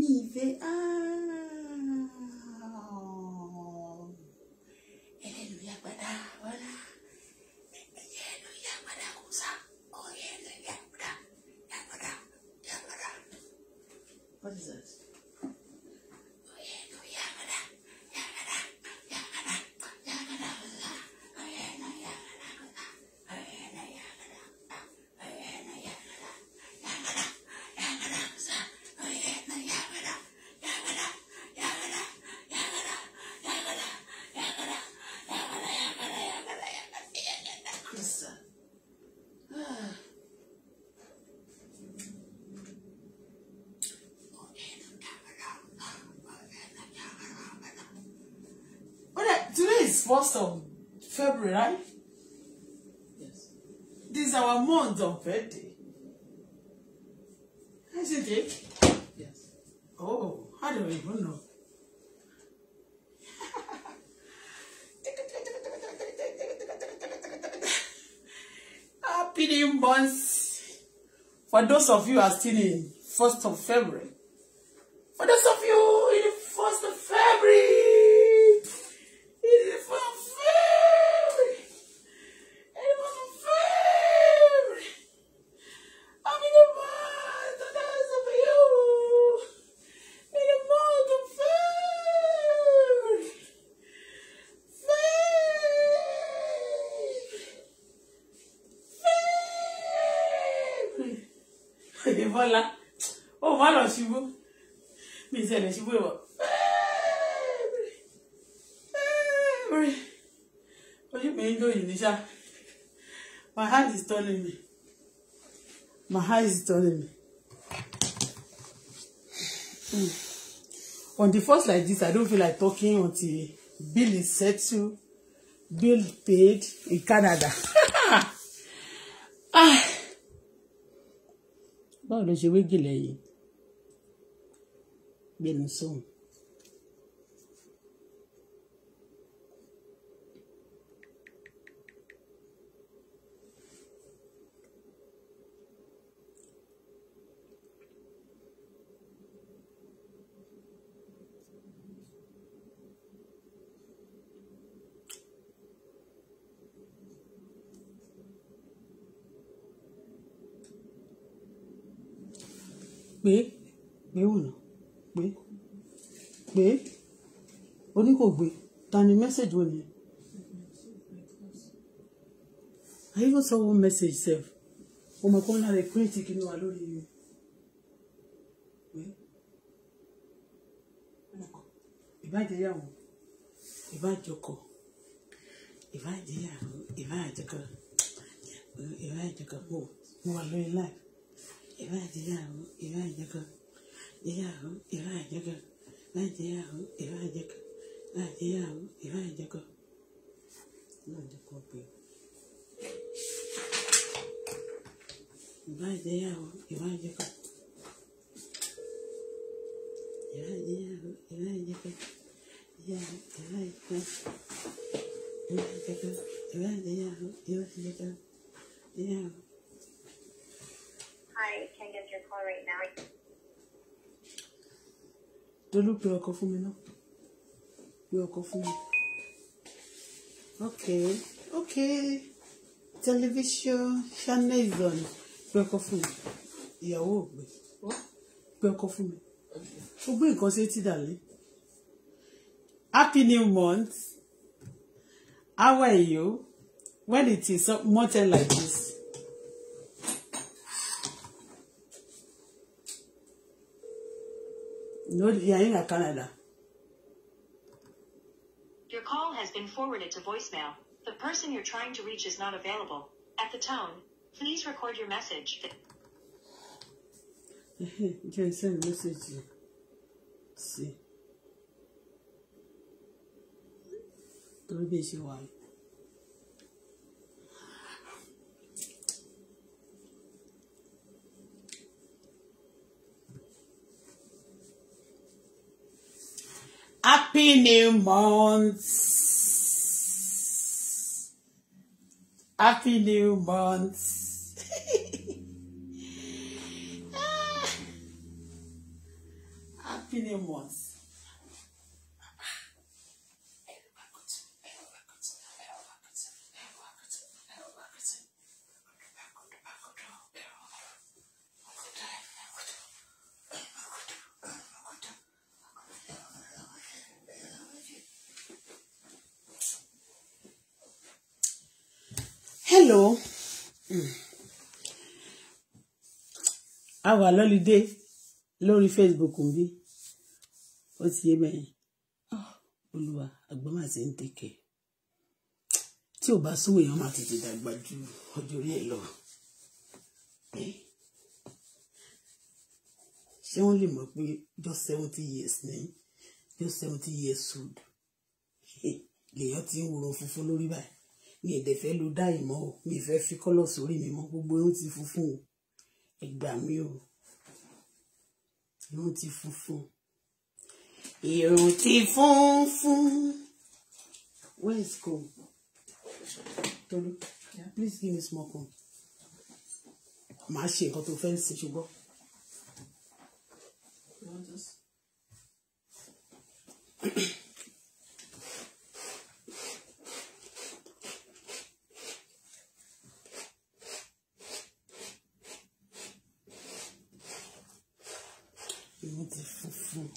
mi first of February, right? Yes. This is our month of birthday. Isn't it? Eh? Yes. Oh, I don't even know. Happy new months. For those of you who are still in first of February. òye bọ́lá ó má lọ ṣubú mi ìṣẹ̀lẹ̀ ṣubú ìwọ̀ ojú mi ń dòyìn ní ṣá my hand is turning me my hand is turning me mm. on the first like this i don't feel like talking until bill is settled bill paid in Canada. báwo ṣe wégìlẹ̀ yìí gbẹnu kò gbé ta ni message wo nìyẹn I even saw one message sef o mọ̀ kó ń lára print kìíní wa lórí ìbàjẹ́yàwó ìbàjọkọ ìbàjẹ́yàwó ìbàjọkọ ìbàjọkọ mo wà lórí live ìbàjẹ́yàwó ìbàjọkọ ìyàwó ìbàjọkọ ìbàjẹ́yàwó ìbàjọkọ. Ah, Hi, can I get your call right now? Do pe ọkọ fún mi náà. gbé ọkọ fún okay okay television channel on gbé ọkọ fún mi ìyàwó ò gbé gbé ọkọ fún mi ó happy new month how are you when it is so much like this. No, you are in Canada. and forward it to voicemail. The person you're trying to reach is not available. At the tone, please record your message. you can send message. See. Don't be shy. yìí. Happy new months. Happy new month. Ah. happy new month. hello a wà lọ́lídé lórí Facebook ń bí ó ti yé mẹ́yìn olúwa àgbọ́n máa ṣe ń tẹ̀kẹ́ tí ò bá súnwó èèyàn máa tètè dàgbà ju ọjọ́ orí ẹ̀ lọ ṣé wọ́n lè mọ̀ pé just seventy years ní just seventy years old lèèyàn ti ń wòran funfun lórí báyìí mi ì dẹ̀ fẹ́ lo dá ìmọ̀ o mi ì fẹ́ fi kọ́lọ̀ sórí mi mọ́ gbogbo irun ti funfun o ẹ gbà mí o irun ti funfun irun ti funfun where is comb Tolu please give me small comb màá ṣe nǹkan tó fẹ́ ṣe ṣùgbọ́n. you want this? mi ti funfun.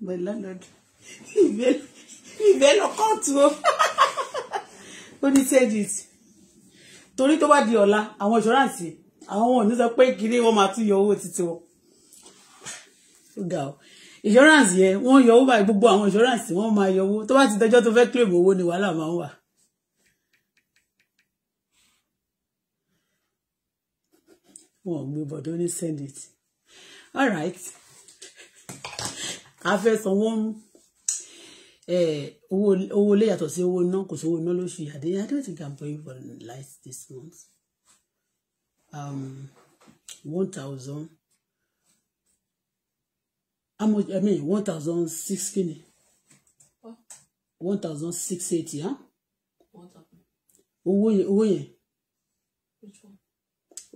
my landlord ìbẹ́ lọ kóòtù o ó ní send it torí tó bá di ọ̀la àwọn insurance àwọn ò ní sọ pé kiri wọn máa tún yọ owó títí wọn ó ga ọ insurance yẹn wọ́n yọ owó báyìí gbogbo àwọn insurance wọ́n máa yọ owó tó bá ti dọjọ́ tó fẹ́ claim owó ni wàhálà máa ń wà. wọn ò gbé bọ̀dọ̀ ní send it all right a fẹ́ san wọ́n eh, owó ilé yàtọ̀ sí owó iná kò sówó iná lóṣù yàdé I don't think I'm paying for light this month um, one thousand how much I mean one thousand six kini one thousand six eighty owó yẹn owó yẹn. Which one?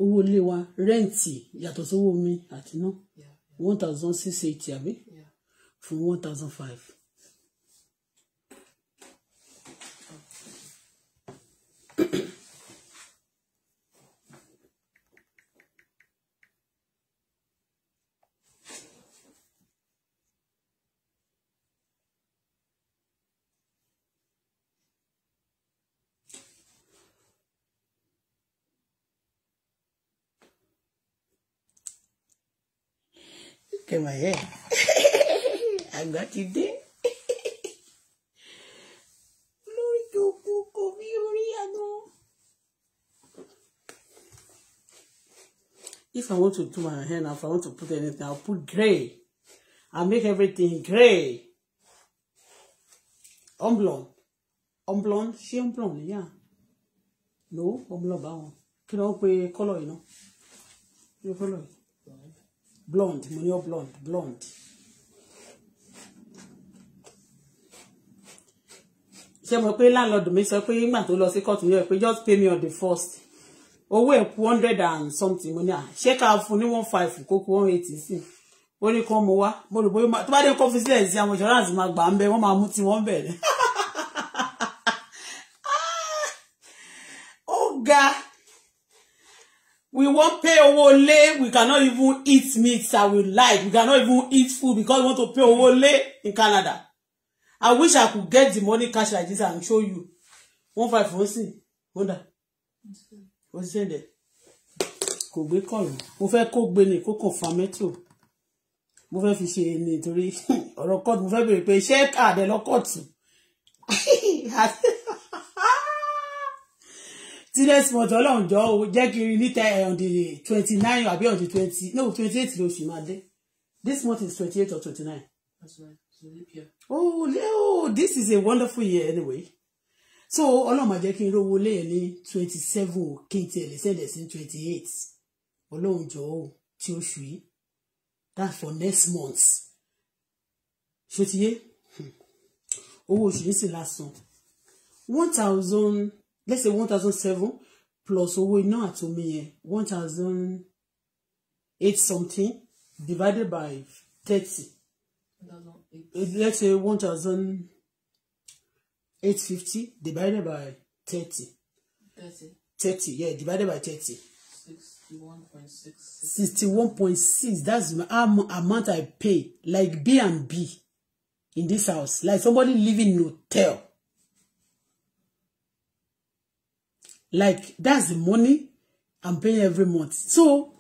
owó ilé wa rẹ́ǹtì yàtọ̀ sówó mi àti náà one thousand six eighty àbí fún one thousand five Look my hair. Àgbà ti dé. Lórí tó kú kò bí orí àná. If I want to do my hair now, if I want to put anything, I'll put gray. I'll make everything gray. En blond. En blond, she en yeah. No, en blond, báwọn. Kí ló ń pe kọ́lọ̀ yìí náà? Kí blonde mo ní ọ blonde blonde. ṣé mo pé láńlọ́ọ̀dù mi sọ pé nígbà tó lọ sí kóòtù mi rẹ̀ pé just pay me on the first owó ẹ̀ kú hundred and something mo ní à ah, ṣé ká fún ní one five kó kú one eighty sí ó ní kán mo wá mo rò bóyá tó bá dé kó fi sílẹ̀ sí àwọn insurance máa gbà ń bẹ wọ́n máa mú tí wọ́n bẹ̀rẹ̀. won't pay owó lé we cannot even eat meat that we like we cannot even eat food because we want to pay owó lé in Canada I wish I could get the money cash like this and show you one five one six wonder o ṣe there? kò gbé kọlù mo fẹ́ kó gbé ni kó kàn fún amẹtò mo fẹ́ fi ṣe ni nítorí ọ̀rọ̀ kóòtù mo fẹ́ béèrè pé ṣé àdẹ lọ kóòtù Next month ọlọ́run jọ o jẹ́ kí n rí níta eh, on the twenty nine àbí on the twenty no twenty eight ló ṣì máa dé this month is twenty eight or twenty nine. oh leo oh, this is a wonderful year anyway so ọlọ́run máa jẹ́ kí n rówó lé ẹ̀ ní twenty seven kí n tiẹ̀ lè sẹ́lẹ̀ sí twenty eight ọlọ́run jọ o tí oṣù yìí that's for next month ṣòtìyé hmm. owó oṣù yìí sì lásán one thousand let's say one thousand seven plus owó iná àti omi yẹn one thousand eight something divided by thirty let's say one thousand eight fifty divided by thirty thirty yeah divided by thirty. 61.6 that's the amount I pay like B and B in this house like somebody living in hotel Like that's the money I'm paying every month. So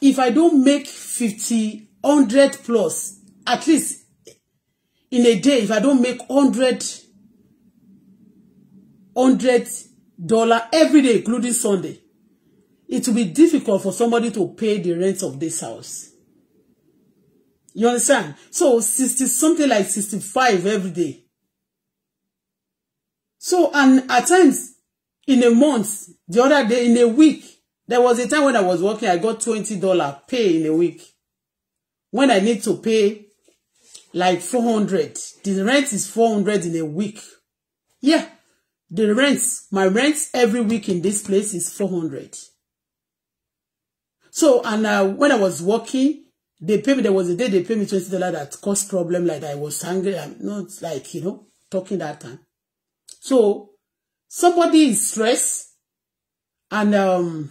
if I don't make 50, 100 plus, at least in a day, if I don't make 100, 100 dollar every day, including Sunday, it will be difficult for somebody to pay the rent of this house. You understand? So 60 something like 65 every day. So and at times in a month the other day in a week there was a time when I was working I got twenty dollar pay in a week when I need to pay like four hundred the rent is four hundred in a week yeah the rent my rent every week in this place is four hundred so and uh, when I was working they pay me there was a day they pay me twenty dollar that caused problem like I was angry I'm not like you know talking that time so somebody is stressed and um,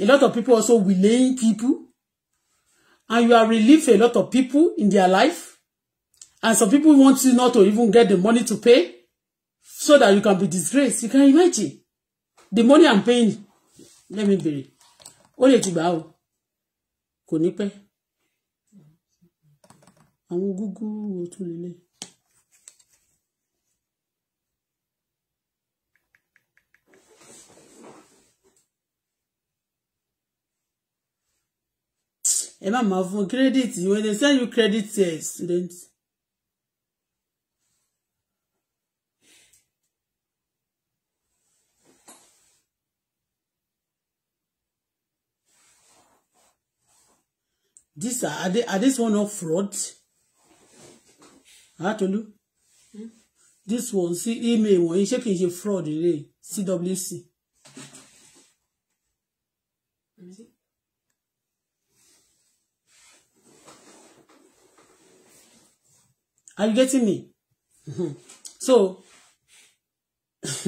a lot of people also relaying people and you are relieved a lot of people in their life and some people want you not to even get the money to pay so that you can be disgraced you can imagine the money I'm paying let me bèrè ó lè ti gbà o kò ní pẹ́ àwọn gúgú ẹ má máa credit when they send you credit uh, student. This are, are, they, are this one not fraud? Atolu. Huh, hmm? This one, see email, wọ́n ṣé kì í ṣe fraud, CWC. Are you getting me? So,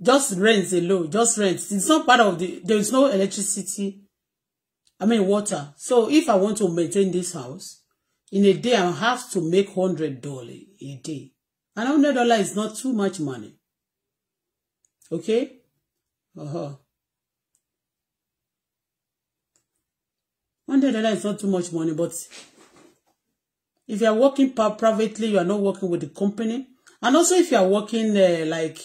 just rent alone, just rent. It's not part of the, there is no electricity, I mean water. So if I want to maintain this house, in a day I have to make $100 a day. And $100 is not too much money. Okay? Uh-huh. hundred dollar is not too much money but if you are working privately you are not working with the company and also if you are working uh, like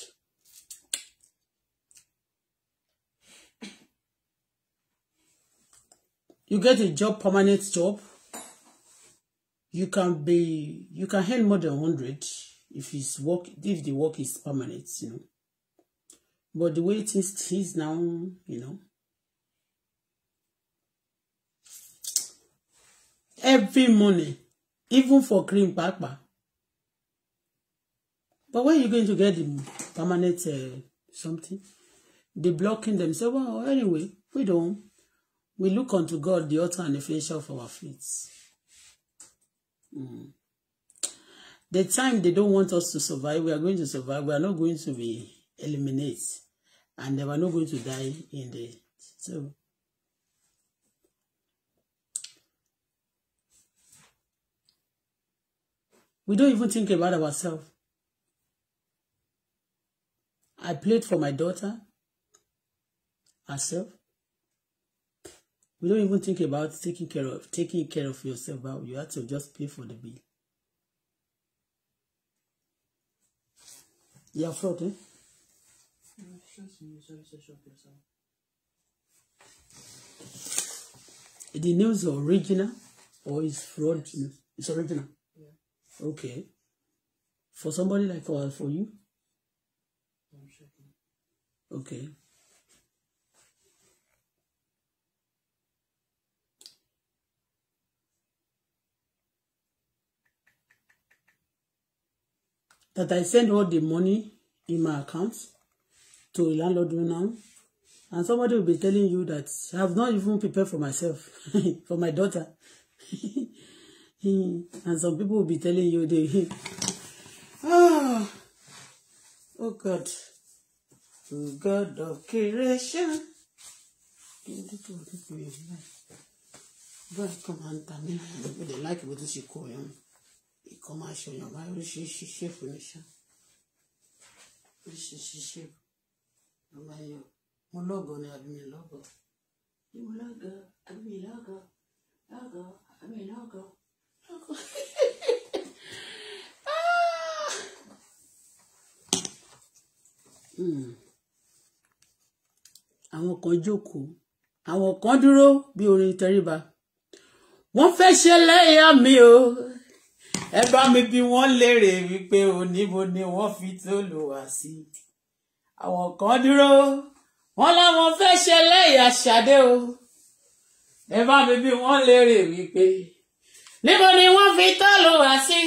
you get a job permanent job you can be you can earn more than 100 if it's work if the work is permanent you know but the way it is, is now you know every morning, even for cream papa. But when you're going to get the permanent uh, something, they blocking them. Say, well, anyway, we don't. We look unto God, the author and the finisher of our faith. Mm. The time they don't want us to survive, we are going to survive. We are not going to be eliminated. And they were not going to die in the... So, We don't even think about ourselves. I played for my daughter, herself. We don't even think about taking care of taking care of yourself. But you have to just pay for the bill. You are fraud, eh? The news original or is fraud? It's original. Okay. For somebody like for for you. Okay. That I send all the money in my account to a landlord now. And somebody will be telling you that I have not even prepared for myself, for my daughter. Hmm. and some people will be telling you they oh oh God oh God of creation bọ́ọ̀ kan máa ń ta mí like ó She call him. He come and show ìkọ́ my she she she ṣèfù She she she. My máa yọ mo lọ́gọ̀ ni àbí mi lọ́gọ̀ mo Logo. àbí mi lọ́gọ̀ lọ́gọ̀ àbí mi lọ́gọ̀ àwọn kan jókòó àwọn kan dúró bí orin tẹríba wọ́n fẹ́ ṣe lẹ́yà mi o ẹ bá mi bí wọ́n léèrè wípé oníbo ni wọ́n fi tó lò wá sí àwọn kan dúró wọ́n láwọn fẹ́ ṣe lẹ́yà ṣàdé o ẹ bá mi bí wọ́n léèrè wípé níbo ni wọ́n fi tọ́lù wá sí.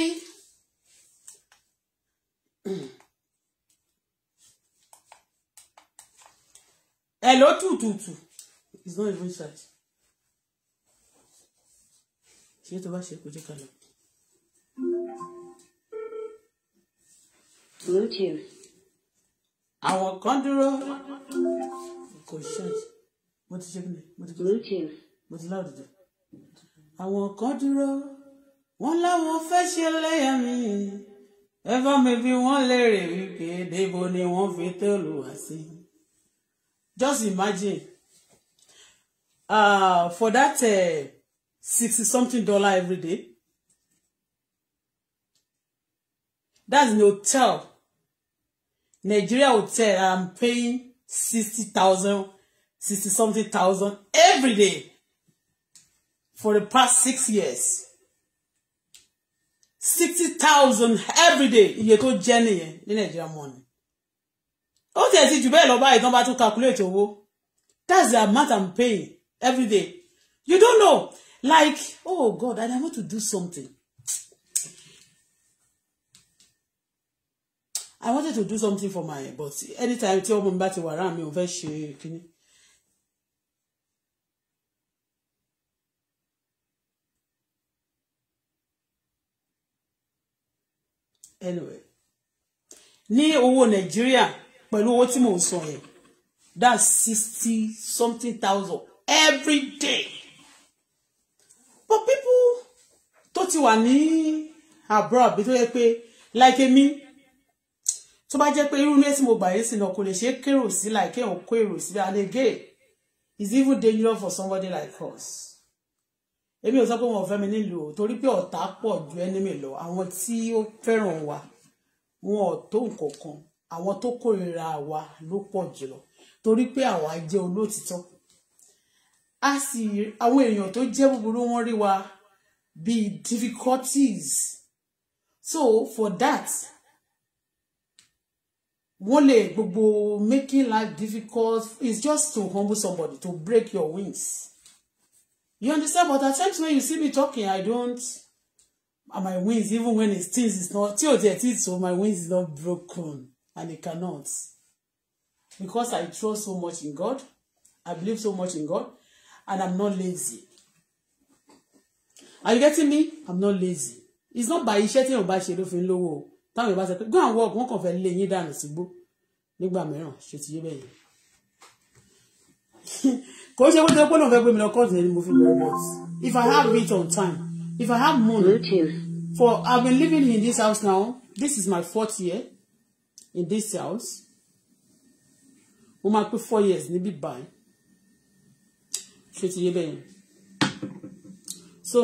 ẹ ló tùtùtù it's not even sad ṣé tó bá ṣe kó jẹ́ Bluetooth. àwọn kan dúró kò ṣáàjì mo ti ṣe kí ni mo ti láwùjọ àwọn kan dúró wọ́n láwọn fẹ́ ṣe lẹ́yà mi ẹ bá mi bí wọ́n léèrè wípé débo ni wọ́n fi tóòlù wá sí just imagine uh, for that eh, sixty uh, something dollar every day that's the hotel Nigeria hotel I'm paying sixty thousand sixty something thousand every day for the past six years sixty thousand day. iye tó jẹ́ nìyẹn ní Nigeria money ó tẹ̀ sí jù bẹ́ẹ̀ lọ báyìí tán bá tún calculate owó that's the amount I'm paying every day. you don't know like oh God I want to do something I wanted to do something for my but anytime tí ọmọ mi bá ti wà rán mi ò fẹ́ ṣe kínní. anyway ní owó nàìjíríà pẹ̀lú owó tí mò ń sọ yẹn that's sixty something thousand every day but people tó ti wà ní abroad bí tó yẹ pé like èmi tó bá jẹ́ pé irú ilé tí mo gbà yín sí náà kò lè ṣe é kérò sí like kéèyàn kó èrò sí and again it's even dangerous for somebody like us èmi ò sọ pé wọn ò fẹ́ mi nílùú torí pé ọ̀tá pọ̀ ju ẹnìmì lọ àwọn tí ó fẹ́ràn wa wọn ò tó nǹkan kan àwọn tó kórìíra wa ló pọ̀ jùlọ torí pé àwa jẹ́ olótìtọ́ a sì àwọn èèyàn tó jẹ́ búburú wọn rí wa bí difficulties so for that wọ́n lè gbogbo making life difficult is just to humble somebody to break your wings. You understand? But at times when you see me talking, I don't. And my wings, even when it stings, it's not. Till the teeth, so my wings is not broken, and it cannot. Because I trust so much in God, I believe so much in God, and I'm not lazy. Are you getting me? I'm not lazy. It's not by iṣẹ́ or by bá ṣe ló fi ń lówó o. Táwọn Yorùbá sọ go and work, wọ́n kàn fẹ́ lé yín dànù sígbó. Nígbà mìíràn, ṣe ti yé bẹ́yẹn. kò ṣe pé pé fẹ́ gbé mi lọ court yẹn mo fi lọ but if I have it on time if I have money for I've been living in this house now this is my fourth year in this house mo máa pé four years níbí báyìí ṣe ti yé bẹ́yẹn so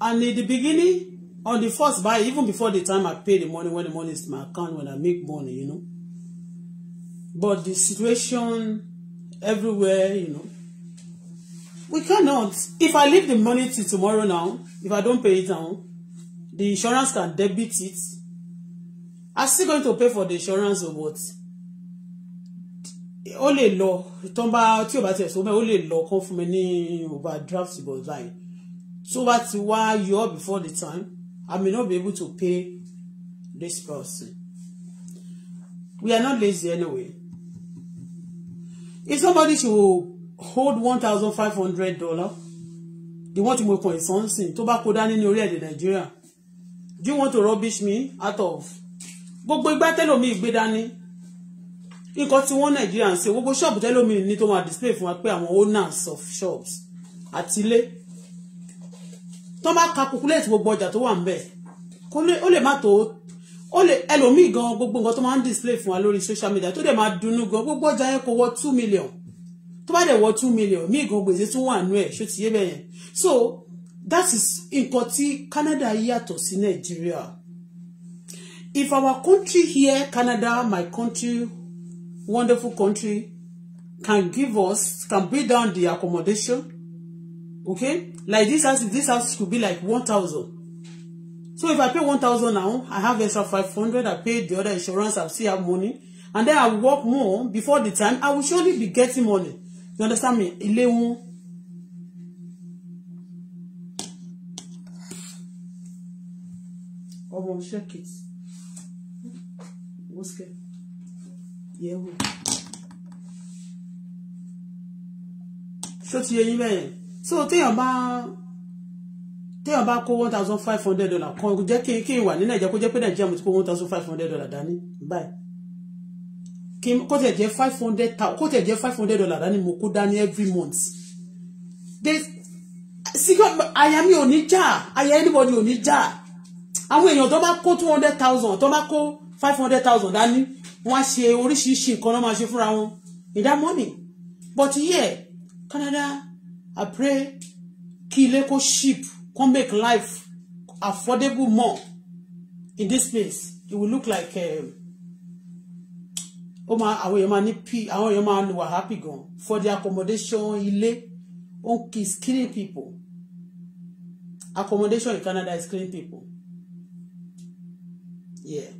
and in the beginning on the first buy even before the time I pay the money when the money is my account when I make money you know but the situation everywhere you know We cannot. If I leave the money till tomorrow now, if I don't pay it now, the insurance can debit it. I'm still going to pay for the insurance or what? ó lè lọ tó bá tí ò bá tiẹ̀ sọ́mọ́ ó lè lọ kán fún mi ní overdraft but like tó bá ti wá yọ before the time I may not be able to pay this person we are not lazy anyway if somebody should hold one thousand five hundred dollar ìwọ́n tí mo kàn ìsánsìn tó bá kó dání ní orílẹ̀-èdè nàìjíríà do you want to rubbish me out of gbogbo igbá tẹ́lòmí ìgbé dání nǹkan tí wọ́n nàìjíríà ń ṣe gbogbo ṣọ́ọ̀bù tẹ́lòmí ní tó máa display fún wa pé àwọn owners of shops àti ilé tó bá calculate gbogbo ọjà tó wà ń bẹ̀ ó lè má tó ó lè ẹlòmíì gan gbogbo nǹkan tó máa ń display fún wa lórí social media tó dẹ̀ máa dunnú gan gbogbo ọjà yẹn kò wọ two million tó bá dẹ̀ wọ two million míì gan gbèsè tún wà nú ẹ̀ ṣó ti yé bẹ́ẹ̀ so that is nǹkan tí Canada yàtọ̀ sí Nàìjíríà if our country here Canada my country wonderful country can give us can bring down the accommodation okay like this house this house could be like one thousand so if I pay one thousand now I have extra five hundred I pay the other insurance I still have money and then I work more before the time I will surely be getting money You understand me? Ilé wọn. Ọmọ check it. What's good? Yeah, we. Ṣó ti yẹ yín bẹ́ẹ̀? So téèyàn bá téèyàn bá kó one thousand five hundred dollar kan jẹ́ kí n wà ní Nàìjíríà kó jẹ́ pé Nàìjíríà mo ti kó one thousand five hundred dollar dání báyìí kí n kó tẹ̀ jẹ́ five hundred thousand kó tẹ̀ jẹ́ five hundred dollar dání mo kó dání every month they secure àyà mi ò ní jà àyà anybody ò ní jà àwọn èèyàn tó bá kó two hundred thousand tó bá kó five hundred thousand dání wọ́n á ṣe oríṣiríṣi nǹkan náà máa ṣe fúnra wọn in that money but here Canada I pray kí ilé kó ship come make life affordable more in this place it will look like. Uh, ó máa àwọn èèyàn máa ní p àwọn èèyàn máa wà happy gan for the accommodation ilé ó ń kí screen people accommodation in Canada is screen people yeah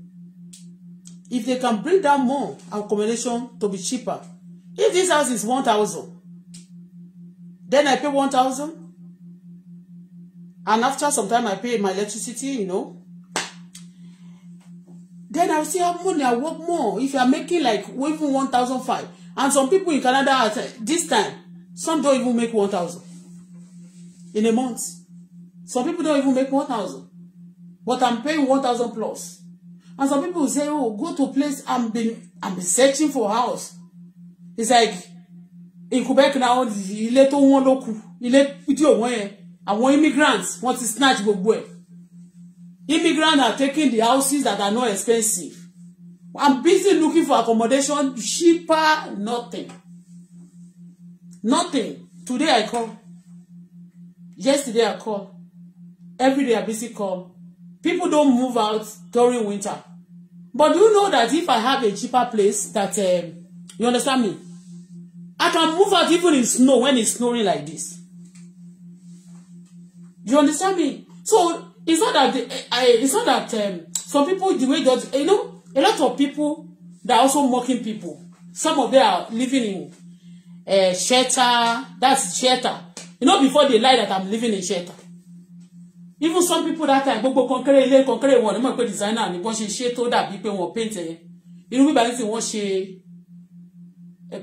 if they can bring down more accommodation to be cheaper if this house is one thousand then I pay one thousand and after some time I pay my electricity you know then I see how money I work more if you are making like even one thousand five and some people in Canada at this time some don't even make one thousand in a month some people don't even make one thousand but I'm paying one thousand plus and some people say oh go to place I'm been I'm been searching for house it's like in Quebec now ilé tó wọ́n ló kù ilé tí òwọ́n yẹn àwọn immigrants wọ́n ti snatch gbogbo ẹ̀. Immigrants are taking the houses that are not expensive. I'm busy looking for accommodation, cheaper, nothing. Nothing. Today I call. Yesterday I call. Every day I busy call. People don't move out during winter. But you know that if I have a cheaper place that, um, you understand me? I can move out even in snow when it's snowing like this. You understand me? So it's not that the, I, eh, eh, it's not that um, some people the way just you know a lot of people that are also mocking people some of them are living in uh, shelter that's shelter you know before they lie that I'm living in shelter even some people that time gbogbo kọnkéré ilé kọnkéré wọn ni mo pe designer ni wọn ṣe ṣe tó dàbí pé wọn paint ẹ inú bíbá ní ti wọn ṣe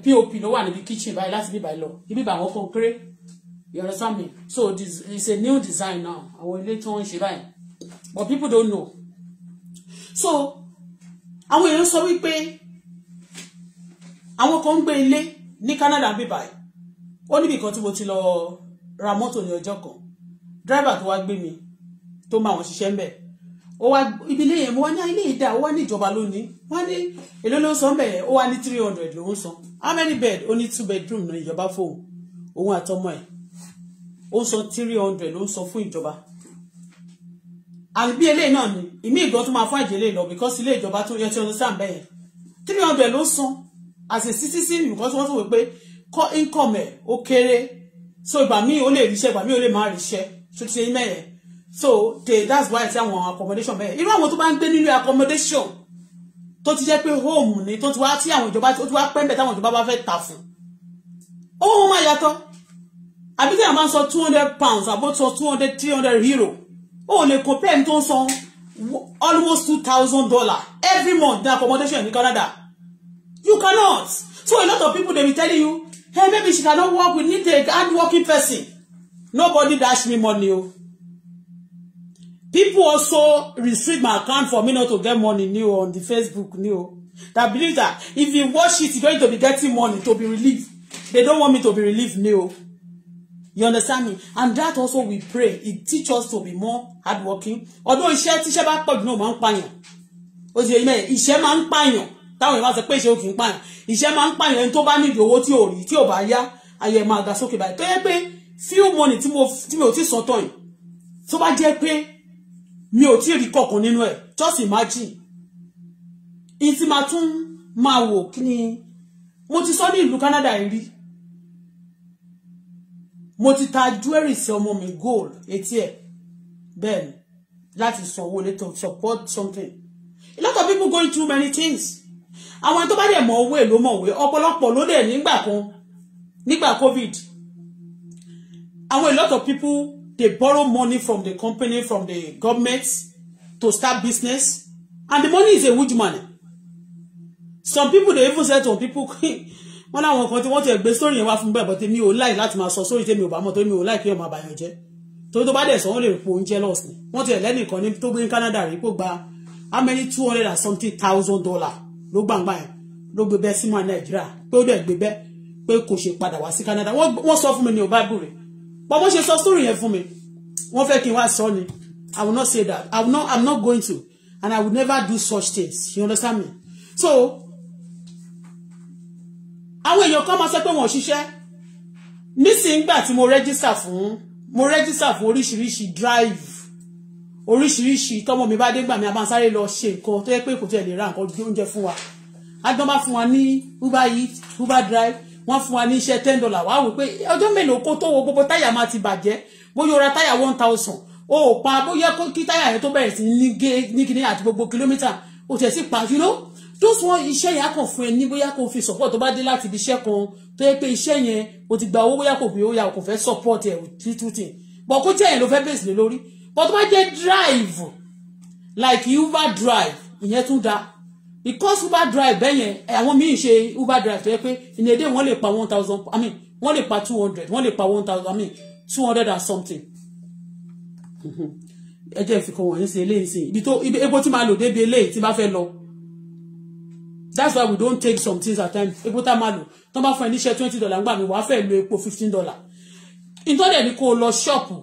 pop ló wà níbi kitchen báyìí láti bíbá lọ ibi bá wọn kọnkéré you understand me so this is a new design now àwọn ilé tí wọ́n ń ṣe báyìí but people don't know so àwọn èèyàn sọ wípé àwọn kan ń gbé ilé ní Canada bí báyìí ó níbi kan tí mo ti lọ ra mọ́tò ní ọjọ́ kan dírẹ́bà tó wá gbé mi tó máa wọn ṣiṣẹ́ ń bẹ̀ ó wá ibi ilé yẹn mo wá ní ah, ilé yìí dá ó wá ní ìjọba lónìí wá ní èló ló ń san bẹ́ẹ̀ ó wá ní three hundred ló ń san how many bed ó ní two bedroom náà ìjọba fóun òun àtọmọ ẹ̀ ó sọ three hundred ló ń sọ fún ìjọba àbí eléyìí náà ni ìmí ìgbọ́n tó máa fún ẹ̀jẹ̀ lè lọ because ilé ìjọba tó yẹ ti ọdún sáà bẹ́ẹ̀ three hundred ló san as a citizen because wọ́n sọ wípé kọ́ income ẹ̀ ó kéré so ìgbà míì ó lè ríṣẹ́ ìgbà míì ó lè má ríṣẹ́ tó ti ṣe mẹ́yẹ so they that's why ti àwọn accommodation bẹ́ẹ̀ irú àwọn tó bá ń gbé nínú accommodation tó ti jẹ́ pé home ni tó ti wá tí àwọn ìjọba tó ti wá pẹ́ńbẹ̀ táwọn ìjọba bá fẹ́ ta fún ó wọ́n máa yàtọ̀ àbí tí a máa sọ two hundred pounds àbó sọ two hundred three hundred euro ó lè compare ní tó ń san almost two thousand dollars every month ní accommodation in Canada you cannot so a lot of people dey be telling you hey maybe she cannot work we need a hard working person nobody dash me money o people also restrict my account for me not to get money new on the Facebook new that believe that if you watch it you going to be getting money to be relieved they don't want me to be relieved new. No. You understand me? And that also we pray. It teach us to be more hardworking. Although iṣẹ́ tíṣẹ́ bá pọ̀ jù náà máa ń pààyàn. Ó ti yẹ ìmẹ̀ iṣẹ́ máa ń pààyàn. Táwọn ìbá sọ pé ìṣe ò kì í pààyàn. Iṣẹ́ máa ń pààyàn ẹni tó bá nídìí owó tí ò rí tí ò bá yá. Ayẹ̀ máa ga sókè báyìí. Tó yẹ pé few money tí mi ò tí sọ tán yìí. Tó bá jẹ́ pé mi ò tí rí kọ̀ọ̀kan nínú ẹ̀. Just imagine. Ìtì máa tún máa wò kí ni mo ti sọ ní ìlú Canada rí mo ti ta jewelry sí ọmọ mi gold etí ẹ̀ bẹ́ẹ̀ ni láti sanwó lé to support something a lot of people going through many things àwọn tó bá dẹ̀ mọ̀ owó èlò mọ̀wé ọ̀pọ̀lọpọ̀ ló dẹ̀ nígbà kan nígbà covid àwọn a lot of people dey borrow money from the company from the government to start business and the money is a huge money some people dey even say to people wọ́n láwọn kan tí wọ́n ti gbé sórí yẹn wá fún bẹ́ẹ̀ bọ́ tèmi ò láì láti máa sọ sórí tèmi ò bá mọ̀ tèmi ò láì kí ọmọ àbàyàn jẹ́ torí tó bá dẹ̀ sọ wọ́n lè po oúnjẹ lọ́ọ̀ sí wọ́n ti ẹ̀lẹ́nì kan ní tó gbé ní Canada rí kó gba how many two hundred and something thousand dollar ló gbàngbà yẹn ló gbé bẹ́ẹ̀ símọ̀ Nàìjíríà pé ó dẹ̀ gbé bẹ́ẹ̀ pé kò ṣe padà wá sí Canada wọ́n sọ fún mi ní ọba ìbúre bọ́ bó ṣe sọ sórí yẹn fún mi wọ́n fẹ́ kí n wá sọ ni I will not say that I will not I'm not going to and I will never do such things you understand me so àwọn èèyàn kan máa sọ pé wọn ò ṣiṣẹ́ nísìngbà tí mo rẹ́jísà fún mo rẹ́jísà fún oríṣiríṣi drive oríṣiríṣi tọ́mọ mi bá dé gbà mí a máa sáré lọ ṣe nǹkan tó yẹ pé kò tẹ̀ lè ra nǹkan oúnjẹ fún wa adán bá fún wa ní uber eat uber drive wọ́n fún wa ní iṣẹ́ ten dollar wá wò pé ọjọ́ mélòó kó tó wo gbogbo táyà máa ti bàjẹ́ bóyá o ra táyà one thousand o ò pa bóyá kí táyà yẹn tó bẹ̀rẹ̀ sí ní kíní àti gbogbo kìlómítà o tẹ̀ sí pa you know those one iṣẹ́ yẹn á kàn fún ẹ ní bóyá kò fi support tó bá dé láti ibi iṣẹ́ kan tó yẹ pé iṣẹ́ yẹn o ti gba owó bóyá kò fi owó kò fẹ́ support ẹ̀ tuntun tì bọ̀ kó jẹ́ yẹn ló fẹ́ bèsì lé lórí bọ̀ tó bá jẹ́ drive like uber drive ìyẹn tún da because uber drive bẹ́ẹ̀ yẹn àwọn míì ṣe uber drive tó yẹ pé ìní èdè wọ́n lè pa one thousand i mean wọ́n lè pa two hundred wọ́n lè pa one thousand i mean two hundred and something ẹ jẹ́ ìfikàn wọ̀nyí sí eléyìí sí ibi tó epo tí máa lò débi eléyìí tí bá fẹ́ lọ that's why we don't take some things at times epo tá a máa lò tó bá fún ẹ níṣẹ́ twenty dollar ńgbà mi wàá fẹ́ lo epo fifteen dollar ìtọ́lẹ̀ ni kò lọ ṣọ́ọ̀pù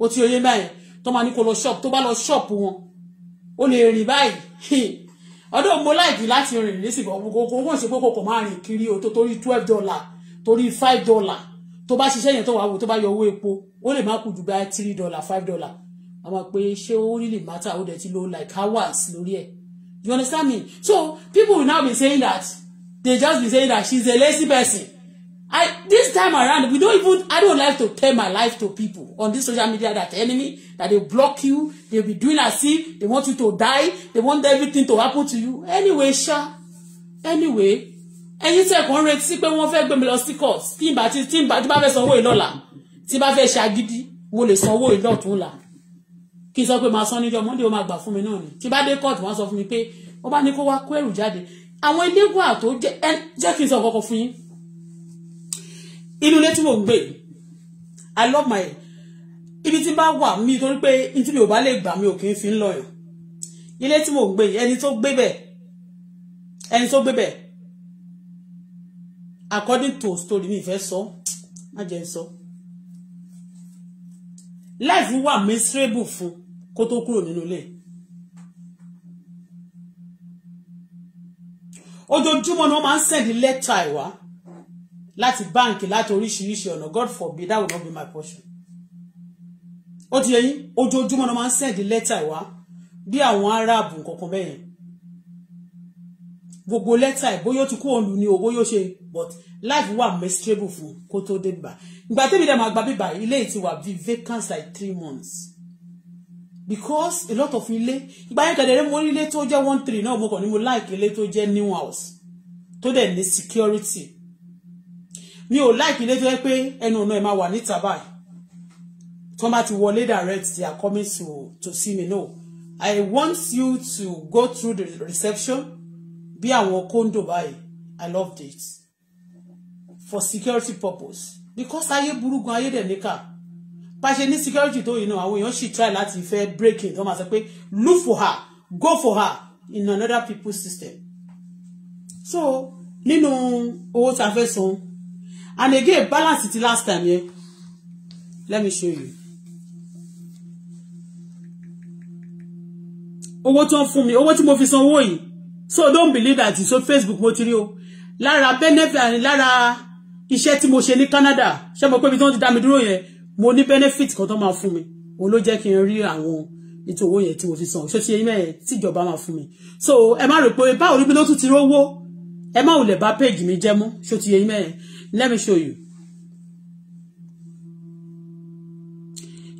o ti oyé báyìí tó máa ní kò lọ ṣọ́ọ̀pù tó bá lọ ṣọ́ọ̀pù wọn o lè rìn báyìí ọdún mo láìdí láti rìn nísìkò kò kò ṣe pé kò máa rìn kiri o tó torí twelve dollar torí five dollar tó bá ṣiṣẹ́ yẹn tó wà wò tó bá yọ owó epo ó lè má kù jù bá three dollar five dollar àmọ́ pé ṣé ó rí lè mátà ó dẹ̀ ti lo like hours lórí ẹ̀ You understand me? So people will now be saying that they just be saying that she's a lazy person. I this time around we don't even I don't like to tell my life to people on this social media that enemy that they block you they be doing as if they want you to die they want everything to happen to you anyway sha anyway ẹ̀yin tẹ́ kàn retí pé wọ́n fẹ́ gbé mi lọ sí court tí n bá ti tí n bá fẹ́ sanwó ìlọ́la tí n bá fẹ́ ṣe agídí wo lè sanwó ìlọ́tún la kí n sọ pé máa san níjọ́ monday ó máa gbà fún mi náà ni tí bá dé court wọ́n sọ fún mi pé wọ́n bá ní kó wá kó ẹrù jáde àwọn ilégbà tó jẹ́ kí n sọ kọ́kọ́ fún yín inú ilé tí mò gbé i love my ibi tí bá wà mí torí pé tí mi ò bá lè gbà mi ò kì í fi ń lọ yàn ilé tí mò ń gbé ẹni tó gbé bẹ̀ ẹni tó gbé bẹ̀ according to story mi ìfẹ́ sọ má jẹ́ sọ. So life wà miserable fún kó tó kúrò nínú ilé ojoojúmọ́ ni wọ́n máa ń send lẹ́tà ìwá láti báǹkì láti oríṣiríṣi ọ̀nà god forbid that will not be my portion ó ti yẹ yín ojoojúmọ́ ni wọ́n máa ń send lẹ́tà ìwá bí àwọn aráàbù kankan bẹ́yẹn gbogbo lẹ́tà ẹ̀ bóyá ó ti kú òǹlù ni o bóyá ó ṣe but life wà miserable fún kó tó dé bíbá ìgbà tẹ́bi dẹ̀ máa gba bíbá ilé yìí ti wà bíi vacant like three months because a lot of ilé ìgbà yẹn kẹ̀dẹ̀rẹ́ mo rí ilé tó jẹ́ one three náà mo kàn ní mo like ilé tó jẹ́ new house tó dẹ̀ ní security mi ò like ilé tó yẹ pé ẹnu ọ̀nà ẹ̀ máa wà níta báyìí tí wọ́n bá ti wọlé direct they are coming to to see me no I want you to go through the reception bí àwọn kóńdò báyìí i loved it for security purpose because ayé burú gan ayé dẹ̀ níkà bá ṣe ní security tó yìí náà àwọn èèyàn sì try láti fẹ́ break it wọ́n máa sọ pé look for her go for her in another people's system so nínú owó tá a fẹ́ san and again balance ti last time yẹn let me show you owó tó ń fún mi owó tí mo fi san owó yìí so don't believe that so Facebook mo ti rí o lára benefit and lára iṣẹ́ tí mo ṣe ní Canada ṣé mo pé ibi tí wọ́n ti dá mi dúró yẹn mo ní benefit kan tó máa fún mi òun ló jẹ́ kí n rí àwọn nítorí owó yẹn tí mo fi san ṣé ti eyín mẹ́rin tíjọba máa fún mi so ẹ má rò pé báwo ni bí ló tún ti rówó ẹ má wulẹ̀ bá péjì mi jẹ́ mú ṣé ti eyín mẹ́rin let me show you.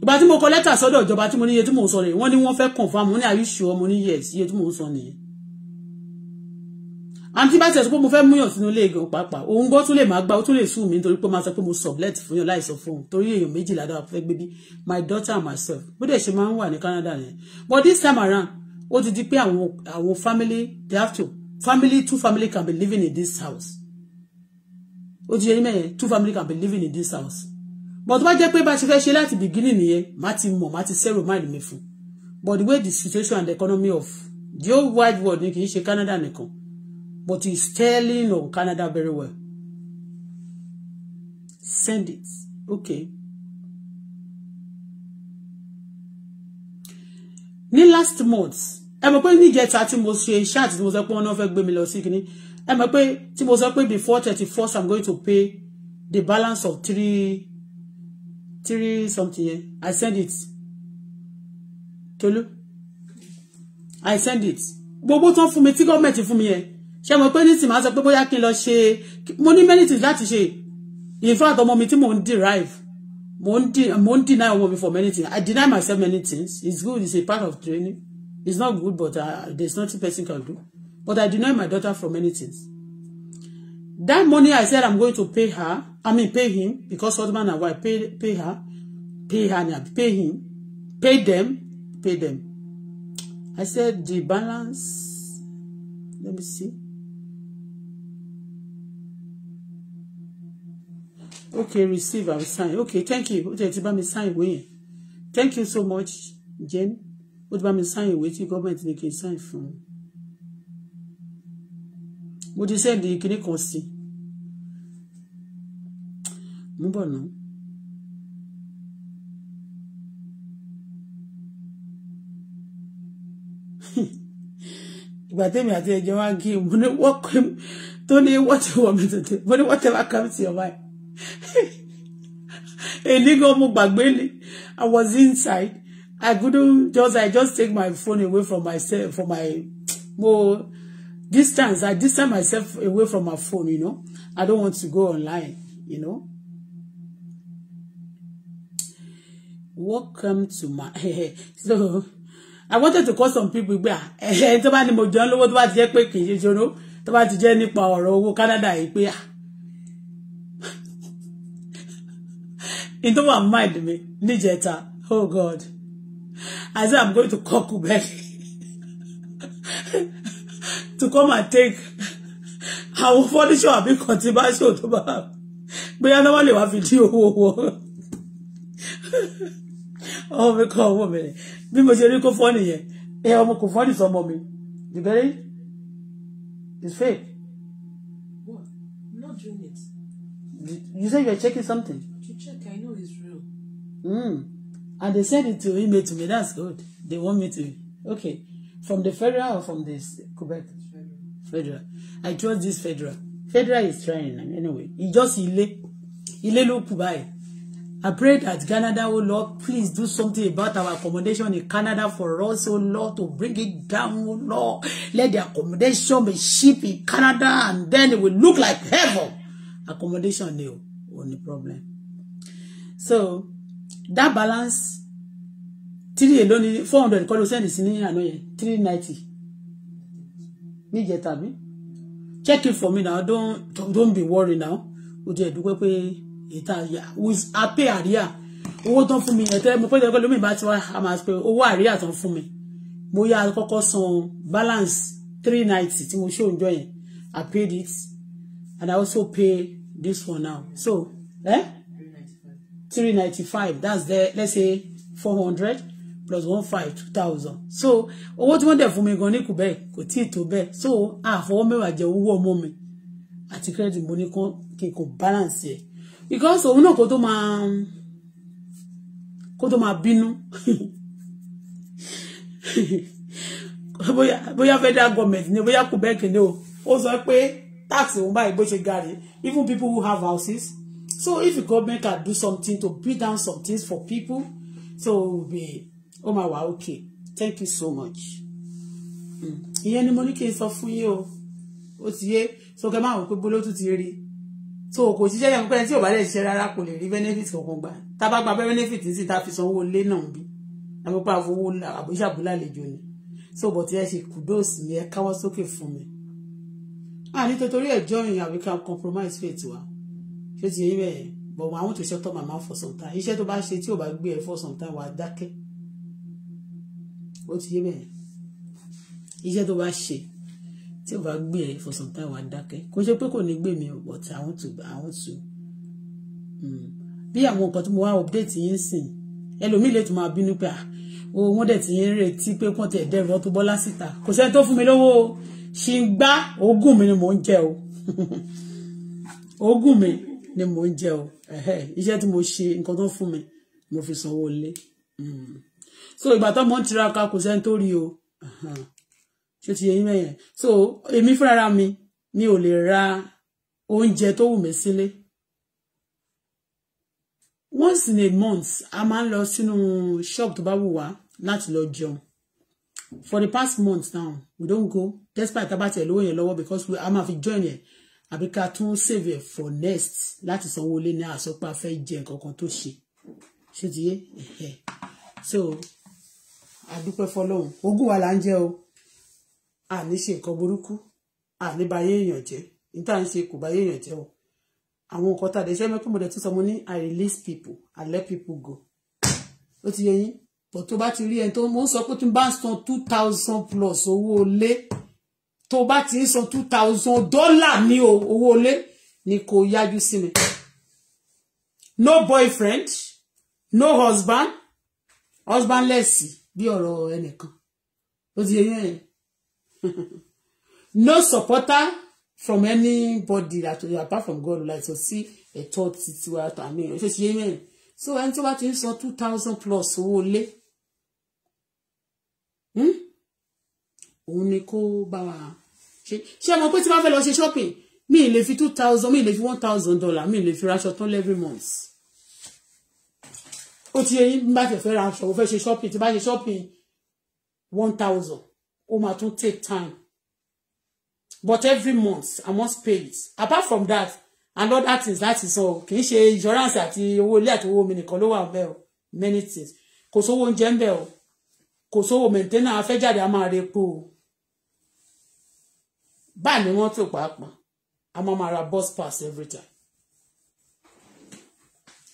ìgbà tí mo kọ lẹ́tà sọ́dọ̀ ìjọba tí mo ní iye tí mò ń sọ nìyẹn wọ́n ní wọ́n fẹ́ confam mo ní are you sure mo ní yes iye tí mò ń sọ nìyẹn àǹtí bá tẹ̀sí pé mo fẹ́ múyàn sínú ilé gan pàápàá òun gbọ́ tún lè máa gba ó tún lè sùn mí nítorí pé máa sọ pé mo sublet fún yàn láìsọ fún un torí èèyàn méjìlá dára fẹ́ gbé bí my daughter and myself bó dẹ̀ ṣe máa ń wà ní Canada yẹn but this time around ó ti di pé àwọn àwọn family they have to family two family can be living in this house ó ti yẹ ní mẹ́yẹn two family can be living in this house but tó bá jẹ́ pé bá ṣe fẹ́ ṣe láti beginning nìyẹn má ti mọ̀ má ti zero mind mi fún but the way the situation and the economy of the whole wide world ni kì í ṣe Canada nìkan but he's telling on Canada very well. Send it. Okay. Ní last month, ẹ mọ̀ pé ní ìjẹta tí mo ṣe chat tí mo sọ pé wọ́n náà fẹ́ gbé mi lọ sí kìíní. Ẹ mọ̀ pé tí mo sọ pé before thirty first I'm going to pay the balance of three three something yẹn. I send it. Tolu. I send it. Gbogbo tán fún mi tí gọ́ọ̀mẹ̀ntì fún mi yẹn ṣé mo pé nísìnyí máa sọ pé bóyá kí n lọ ṣe mo ní many things láti ṣe in fact ọmọ mi tí mò ń derive mo ń de mo ń deny ọmọ mi for many things I deny myself many things it's good it's a part of training it's not good but uh, there's nothing person can do but I deny my daughter from many things that money I said I'm going to pay her I mean pay him because husband and wife pay pay her pay her na pay him pay them pay them I said the balance let me see okay receive i will sign okay thank you ó ti bá mi sign ìwé yẹn thank you so much jen ó ti bá mi sign ìwé tí gọ́ọ̀mẹ̀ntì ní kí sign fún un mo ti sẹ́ẹ̀dì kinní kan sí i mú bọ̀ náà. ìgbà tẹ́mi àti ẹ̀jẹ̀ wá gé mo ní wọ́n pè mí tó ní wọ́n ti wọ̀ mí tètè mo ní wọ́n tẹ́ wá kàmí sí ọ̀bá yìí. èmi gan mo I was inside I couldn't just I just take my phone away from myself for my mo distance I distance myself away from my phone you know I don't want to go online you know welcome to my so I wanted to call some people gbà ẹ̀ẹ́n tó bá ní mo jẹun lówó tó bá ti jẹ́ pé kì í Canada yìí ah, in my wà mind mi níjẹta oh god i say i'm going to call Kokubek to come and take àwọn fọ́níṣọ̀ àbí kan tí bá ṣe òtó bá bóyá náà wọ́n lè wá fi dí owó wọn ọmọ mi kọ́ ọmọ mi rẹ̀ bí mo ṣe rí kó fọ́ọ̀nì yẹn ẹ ọmọ kò fọ́ọ̀nì sọmọ mi The get it it's fake. What? not doing it. You said you are checking something. To check, I know. Mm. And they send it to email to me. That's good. They want me to. Okay. From the federal or from this Quebec? Federal. I trust this federal. Federal is trying anyway. He just ile ile ló kù báyìí. I pray that Canada, oh Lord, please do something about our accommodation in Canada for us, oh Lord, to bring it down, oh Lord. Let the accommodation be cheap in Canada and then it will look like heaven. Accommodation, no, only problem. So, that balance three alone ni four hundred kọ́ ló sẹ́ndì sí ní àná yẹn three ninety níjẹ tàbí check it for me now don't don't be worry now o ti ẹ̀dúpẹ́ pé ìta yà with apay àríyá owó tán fún mi ẹ̀tẹ́ mo pẹ́jọ́ pé lómi ìbá ti wá a máa pe owó àríyá tán fún mi mo yá kọ́kọ́ san balance three ninety tí mo ṣe òǹjọ yẹn I paid it and I also pay this one now so. Eh? three ninety five that's the let's say four hundred plus one five two thousand so owó tí wọ́n dẹ̀ fún mi gan ní kù bẹ́ẹ̀ kò tí ì tó bẹ́ẹ̀ so àfọwọ́ mẹ́wàá jẹ owó ọmọ mi àti credit mo ní kán kí n kò balance ẹ̀ because òun náà kó tó máa kó tó máa bínú boya, bóyá federal government ni bóyá Quebec ni o ó sọ pé tax òun báyìí bó ṣe ga even people who have houses so if the government can do something to bring down some things for people so be oh my wow okay thank you so much hmm. ìyẹn ni mo ní kí n sọ fún so kẹ máa wò pé bóló tún ti rí so kò ṣiṣẹ́ yẹn pé tí ò bá lè ṣiṣẹ́ rárá kò lè rí benefit kankan gbà tá a bá gba benefit ní sí ta fi sanwó could náà bí àpapọ̀ àfowó àbúṣàbúlà àlejò ni so bọ̀ tí ẹ ṣe kudos mi ẹ káwọ́ sókè fún mi. a ní tòtórí ẹ̀jọ́ compromise faith wa ṣé ti yẹ bẹ́ẹ̀ but I want to shut up my mouth for some time iṣẹ́ tó bá ṣe tí ò bá gbé ẹ for some time wà á dákẹ́ ó ti yé bẹ́ẹ̀ iṣẹ́ tó bá ṣe tí ò bá gbé ẹ for some time wà á dákẹ́ kò ṣe pé kò ní gbé mi but I want to I want to hmm. bí àwọn nǹkan tí mo wá update yín sìn ẹlòmíì lè tún máa bínú pé ah o wọn dẹ̀ ti ń retí pé kàn tiẹ̀ dẹ́rọ tó bọ́lá síta kò sẹ́ni tó fún mi lówó ṣì ń gbá ogún mi ni mò ń jẹ o ogún mi ni mò ń jẹ o iṣẹ́ tí mo ṣe nǹkan tó fún mi mo fi sanwó lé hmm. so ìgbà tó mò ń tiraka kò sẹ́ni tó rí o ṣé ti yẹ yín mẹ́yẹn so èmi fúnra mi mi ò lè ra oúnjẹ tó wù mí sílé once in a month a máa ń lọ sínú shop tó bá wù wá láti lọ jẹun for the past month now we don go despite tá bá tiẹ̀ lówó yẹn lọ́wọ́ because we a máa fi join yẹn àbí ká tún save for next láti sanwó lé ní àsọpá fẹ́ jẹ nǹkan kan tó ṣe ṣé ti yé so àdúpẹ́ fọlọ́hún ogún wa là ń jẹ́ o àní ṣe nǹkan burúkú àní bá yé èèyàn jẹ́ níta ń ṣe kò bá yé èèyàn jẹ́ o àwọn nǹkan tá a lè ṣe mẹ́kún mọ̀dẹ̀ tó sọ mo ní i release people i let people go ó ti yẹ yín bọ̀ tó bá ti rí ẹni tó mo ń sọ pé tí n bá ń san two thousand plus owó lé tó bá ti ń san two thousand dollar ní owó ilé ni kò yájú sí mi no boyfriend no husband husbandless bí ọ̀rọ̀ ẹnìkan ó ti yẹ yẹn no supporter from anybody that apart from God like to see a thought situation i mean ṣe ṣe amen so ẹni tó bá ti ń san two thousand plus owó lé hmm, òun ni kó bá wa ṣé mo pé tí wọ́n fẹ́ lọ ṣe shopping mi ì lè fi two thousand mi ì lè fi one thousand dollar mi ì lè fi raṣọ tán every month ó ti yẹ yín bá fẹ́ ra aṣọ fẹ́ ṣe shopping tí bá ṣe shopping one thousand ó máa tún take time but every month I must pay it apart from that and other things láti san o kì í ṣe insurance àti owó ilé àti owó mi nìkan ló wà bẹ́ẹ̀ o many things kò sówó oúnjẹ ń bẹ̀ o kò sówó maintainer afẹ́jáde a máa re epo o bá ní wọ́n tó pàápàá a máa ma ra bus pass every time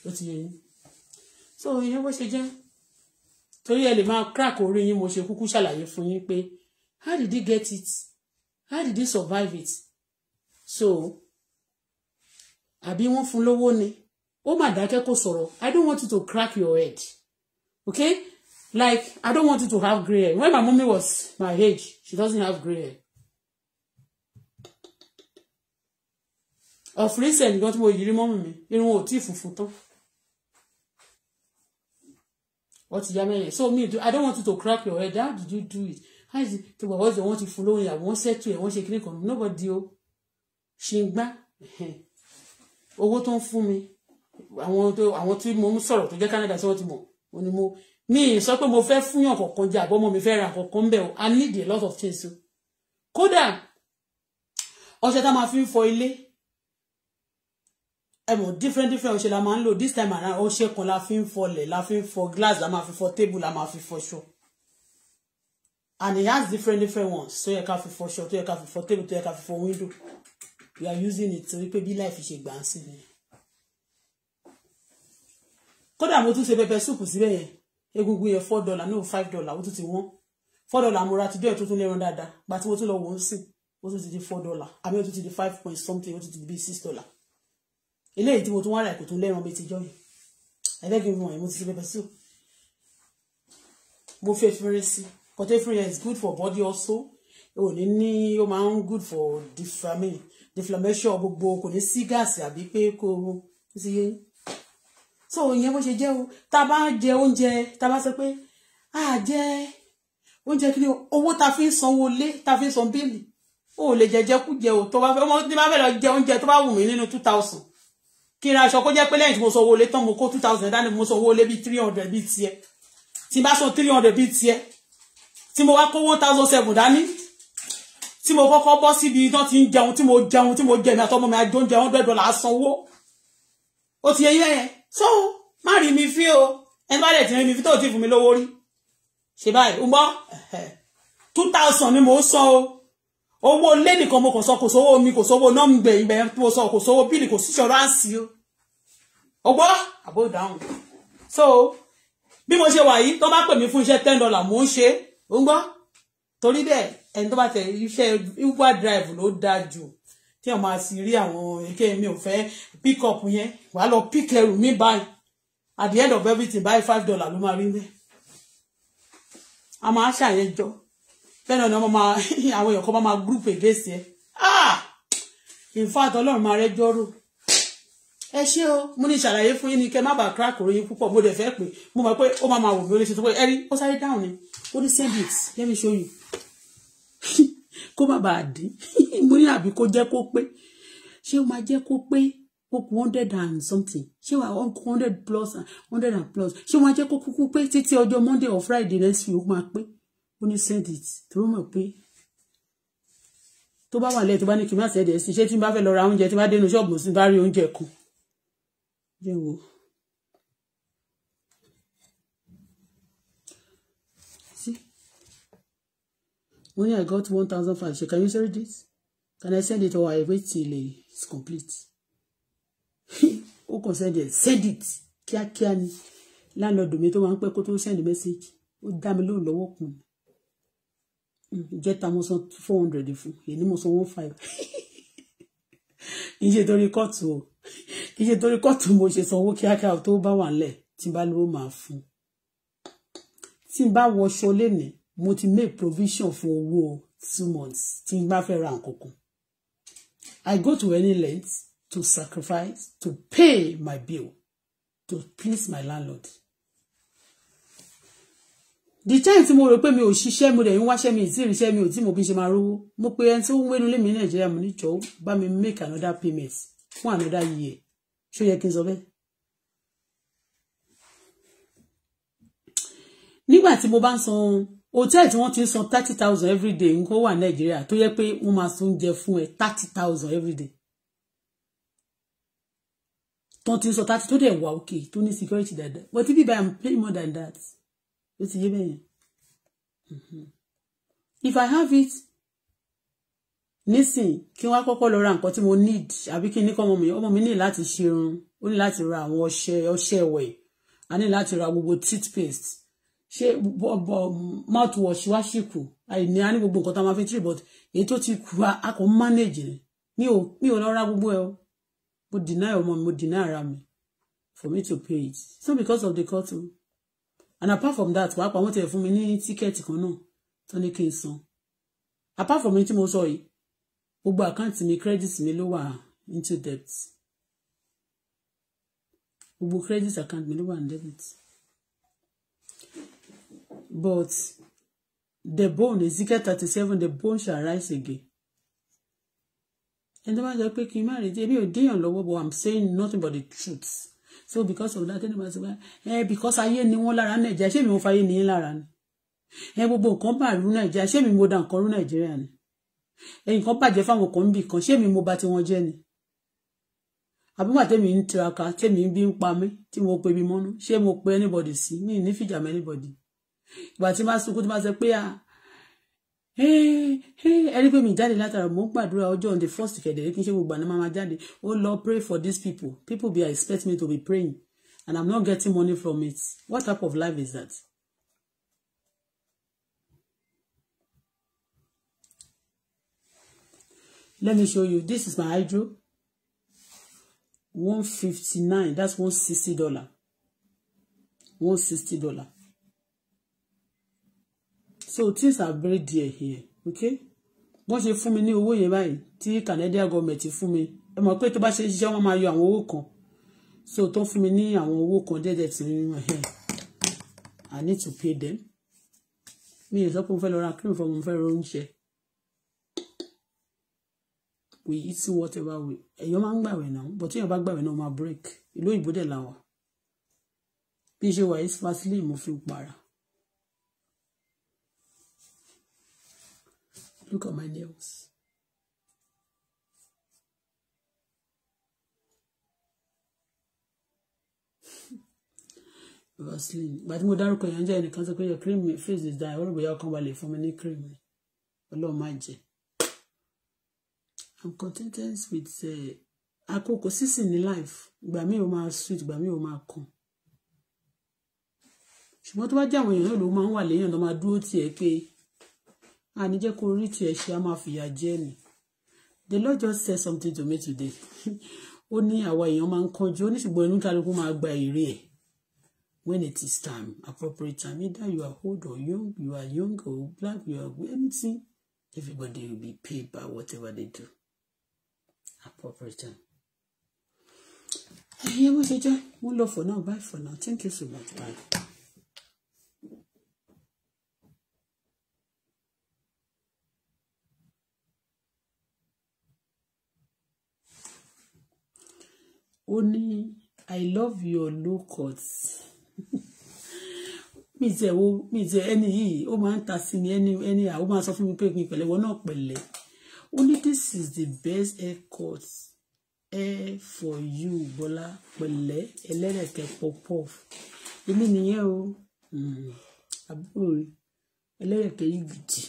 ó ti yẹ yín so ìyẹn bó ṣe jẹ́ torí ẹ lè máa crack orí yín mo ṣe kúkú ṣàlàyé fún yín pé how did he get it how did he survive it so àbí wọ́n fún lówó ni ó mà dákẹ́ kó sọ̀rọ̀ i don't want you to crack your head okay like i don't want you to have grey hair when my mummy was my age she doesn't have grey hair ọ̀fíìsẹ̀ nìkan tí mo yìí rí mọ́mù mi irun ò tí ì funfun tán wọ́n ti ya mẹ́rin so me do I don't want you to crack your head how did you do it how is it tó bàbá ọ̀sẹ̀ wọ́n ti fún lóhùn ìyàwó wọ́n ṣẹ́tù ẹ̀ wọ́n ṣe kíní kan nobody o ṣe ń gbá owó tó ń fún mi àwọn tó àwọn tí mo ń sọ̀rọ̀ tó jẹ́ Canada tí wọ́n ti mọ̀ ò ní mo mi ì sọ pé mo fẹ́ fúnyàn kọ̀ọ̀kan jẹ àbọ̀ ọmọ mi fẹ́ ra kọ̀ọ̀kan bẹ́ẹ̀ o I need a lot of things o oh. kódà ọṣẹ tá máa fi ń fọ ilé ẹ mọ̀ different different ọṣẹ la máa ń lò this time around ọṣẹ kan la fi ń fọlẹ̀ la fi ń fọ glass la máa fi fọ table la máa fi fọṣọ and it has different different ones tó yẹ ká fi fọṣọ tó yẹ ká fi fọ table tó yẹ ká fi fọ window we are using it torí pé bí life ṣe gbà ń sìn ni kódà mo tún ṣe pẹpẹ súùpù síbẹ̀ yẹn egungun yẹn four dollar no five dollar ó tún ti wọ́n four dollar mo ra àtijọ́ ẹ̀ tó tún lẹ́ran dáadáa gbà mo tún lọ wọ́n sìn ó tún ti di four dollar àmì ó tún ti di five point something ó tún ti di six dollar eléyìí tí mo tún wá rà kò tún lẹ́ran bí ti jọ yìí ẹlẹ́gìn mi wọ̀nyí mo ti ṣe pẹpẹ soup mo fẹ́ fẹ́rẹ́ sí kọtẹ́ fẹ́rẹ́ is good for body also ò ní ní ó máa ń good for difflamine deflammation gbogbo kò ní sí gáàsì àbí pé kò sí yé so ìyẹn bó ṣe jẹ́ o tá a bá jẹ oúnjẹ tá a bá sọ pé a jẹ oúnjẹ kí ni owó ta fi ń sanwó lé ta fi ń san bíìlì o ò lè jẹjẹ kú jẹ o tó bá fẹ́ ọmọ tí bá fẹ́ lọ jẹ oúnjẹ tó bá wù mí nínú two thousand kí n ra aṣọ kó jẹ́ pé lẹ́yìn tí mo sanwó lé tán mo kó two thousand dání mo sanwó lé bíi three hundred bíi tiẹ̀ tí n bá san three hundred bíi tiẹ̀ tí mo wá kó one thousand seven dání tí mo kọ́kọ́ bọ́ síbi tán ti ń jẹun tí mo jẹun tí mo jẹ mi àtọmọ mi àjọ oúnjẹ hundred dollar sanwó ó ti yẹ yẹ yẹn so má rí mi fí o ẹni bá dẹ̀ ti rí mi fí tó ti fún mi lówó rí ṣe báyìí ń gbọ́ two thousand ni mo san o owó ilé nìkan mo kò sọ kò sówó omi kò sówó náà ń gbẹ̀yìn bẹ̀yẹn tí mo sọ kò sówó bíìlì kò sí ṣọ́ráǹsì o ọgbọ́ àbó ìdáhùn so bí mo ṣe wà yìí tó bá pè mí fún iṣẹ́ ten dollar mò ń ṣe ó ń gbọ́ torí dẹ̀ ẹni tó bá tẹ̀ iṣẹ́ uber drive ló dáa jù tí wọn máa sì rí àwọn èké mi ò fẹ́ pick up yẹn wàá lọ pick ẹrù mi báyìí at the end of everything báyìí five dollar ló máa rí mẹ́ a máa ṣàyẹjọ́ bẹ́ẹ̀ náà ni wọ́n máa àwọn èèyàn kan máa group against ah! ẹ in fact ọlọ́run máa rẹ́jọ́ rò ẹ ṣé o mo ní ìṣàlàyé fún yín ni kẹ má bàa crack orin púpọ̀ mo dẹ̀ fẹ́ pé mo mọ̀ pé ó máa máa wò mí ó lè ṣe tó pé ẹrí ó sáré dáhùn ni ó ní send it let me show you kó má bàa dín mo ní àbí kó jẹ́ kó pé ṣé ó máa jẹ́ kó pé ó kù hundred and something ṣé wà ó hundred plus hundred and plus ṣé ó máa jẹ́ kó kúkú pé títí ọjọ́ monday or friday next week ó máa pé ó ní send it tó mọ̀ pé tó bá wà lẹ́yìn tó bá ní kí n má send it sí ṣé tí n bá fẹ́ lọ ra oúnjẹ tí n bá dénú ṣọ́ọ̀bù sí bá rí oúnjẹ kan jẹ́ wo. When I got one thousand five, she can you send it? Can I send it or I wait till it's complete? ó kàn send it, send it kíákíá ni láńlọ́ọ̀dù mi tó máa ń pẹ́ kó tó send message ó dá mi lóhùn lọ́wọ́ kùn mí ìjẹta mo san four hundred fún èyí mo san one five kì í ṣe torí kóòtù o kì í ṣe torí kóòtù mo ṣe sanwó kíákíá tó bá wà nílẹ̀ tí n bá lówó máa fún tí n bá wọṣọ lénìí mo ti make provision fún owó two months tí n bá fẹ́ ra nǹkan kan I go to any length to sacrifice to pay my bill to please my landlord the time tí mo rò pé mi ò ṣiṣẹ́ mo dẹ̀ ń wáṣẹ́ mi ìtì ìrìṣẹ́ mi ò tí mo bí ṣe máa rówó mo pe ẹni tí ó ń wénu lé mi ní nàìjíríà mo ní jọ̀ọ́ bá mi make another payment fún another year ṣó yẹ kí n sọ bẹ́ẹ̀. nígbà tí mo bá ń san hòtẹ́ẹ̀lì tí wọ́n ti san thirty thousand every day nǹkan wà nàìjíríà tó yẹ pé wọ́n máa sun oúnjẹ fún ẹ thirty thousand every day tó ti ń san thirty tó dẹ̀ wà òkè tó ní security dáadáa but if báyìí i'm paying more than that ó ti yé bẹ́yẹn mhm. if i have it nísìn kí wọ́n á kọ́kọ́ lọ ra nǹkan tí mo need àbí kí n ní kọ́ ọmọ mi ọmọ mi ní láti ṣe irun ó ní láti ra àwọn ọṣẹ ọṣẹ ẹ̀wẹ̀ a ní láti ra gbogbo toothpaste ṣé bọ́ọ̀bọ̀ mouthwash wá sì kù àìní a ní gbogbo nǹkan tá a máa fi tiri but èyí tó ti kù a kò manage ni mi ò mi ò lọ ra gbogbo ẹ o mo deny ọmọ mi mo deny ara mi for me to pay it so because of the culture and apart from that pàápàá wọ́n tẹ̀ fún mi ní tíkẹ́ẹ̀tì kan náà tó ní kí n san apart from tí mo sọ yìí gbogbo àkáǹtì mi credit mi ló wà into debt gbogbo credit account mi ló wà ní debit but the bone Ezekiel thirty seven the bone shall rise again ẹni tó bá jẹ pé kí n má rí i èmi ò déyàn lọ́wọ́ but i'm saying nothing but the truth so because of that anybody say ẹ eh, because ayé ni wọ́n lára nàìjíríà ṣé mi ò fa ayé nìyí ni ẹ eh, gbogbo nǹkan bàrú nàìjíríà ṣé mi mo da nǹkan rú nàìjíríà ni ẹyìn eh, kan bàjẹ́ fáwọn kan níbì kan ṣé mi mo bà tiwọn jẹ́ ni àbúgbà tèmi ń tiraka tèmi ń bí ń pa mo pe bí mọ́nú ṣé mo pe anybody si mi ní fìjà anybody ìgbà tí máa sunkún tí máa sọ pé ah ẹni pé mi jáde látara mo ń gbàdúrà ọjọ́ on the first ìfẹ̀dẹ̀rẹ́ kí n ṣe gbogbo àná máa jáde ó lọ pray for these people people be expect me to be praying and i'm not getting money from it what type of life is that. let me show you this is my hydro one fifty nine that's one sixty dollar one sixty dollar so things are very dear here okay wọ́n ṣe fún mi ní owó yẹn báyìí tí Canadian government fún mi ẹ mọ̀ pé tó bá ṣe ṣiṣẹ́ wọ́n máa yọ àwọn owó kan so tó ń fún mi ní àwọn owó kan dẹ́dẹ̀ tí ń rìn ẹ̀ I need to pay them mi ò sọ pé mo fẹ́ lọ ra cream fún mi mo fẹ́ lọ oúnjẹ we eat whatever we èèyàn máa ń gbàwẹ̀ náà but èèyàn bá gbàwẹ̀ náà ó máa break ìlú òyìnbó dẹ̀ làwà bí ṣe wà yìí vaseline mo fi para Look at my nails. Vaseline. Ìgbà tí mo dárúkọ yẹn jẹ́ ẹnìkan sọ pé your cream face is dry. Ọlọ́run bóyá ọkàn balẹ̀ fún mi ní cream rẹ̀. Ọlọ́run má jẹ. I'm contented with uh, àkókò sísìn ní life. Ìgbà míì ó máa sweet, ìgbà míì ó máa kan ṣùgbọ́n tó to jẹ́ àwọn èèyàn náà ló máa ń wà léèyàn ló máa dúró tiẹ̀ pé àní jẹ́ kó rí tiẹ̀ ṣe á máa fìyà jẹ ni the Lord just said something to me today ó ni awa èèyàn máa ń kánjú ó ní ṣùgbọ́n inú kálukú máa gba èrè ẹ̀ when it is time appropriate time either you are old or young you are young or black you are anything everybody will be paid by whatever they do appropriate time. ẹ̀yin bó ṣe jẹ́ wọ́n lọ for now bye for now thank you so much bye. ó ní i love your low cut mi tẹ wo mi tẹ ẹni yìí ó máa ń ta sí mi ẹni ẹni àwọn máa sọ fún mi pé mi pẹ̀lẹ́ wọn náà pẹ̀lẹ́ ó ní this is the best haircut hair for you Bọ́lá pẹ̀lẹ́ ẹlẹ́rẹ̀kẹ́ pọ̀pọ̀f èmi nìyẹn o hmm. àbúrò ẹlẹ́rẹ̀kẹ́ yìí gidi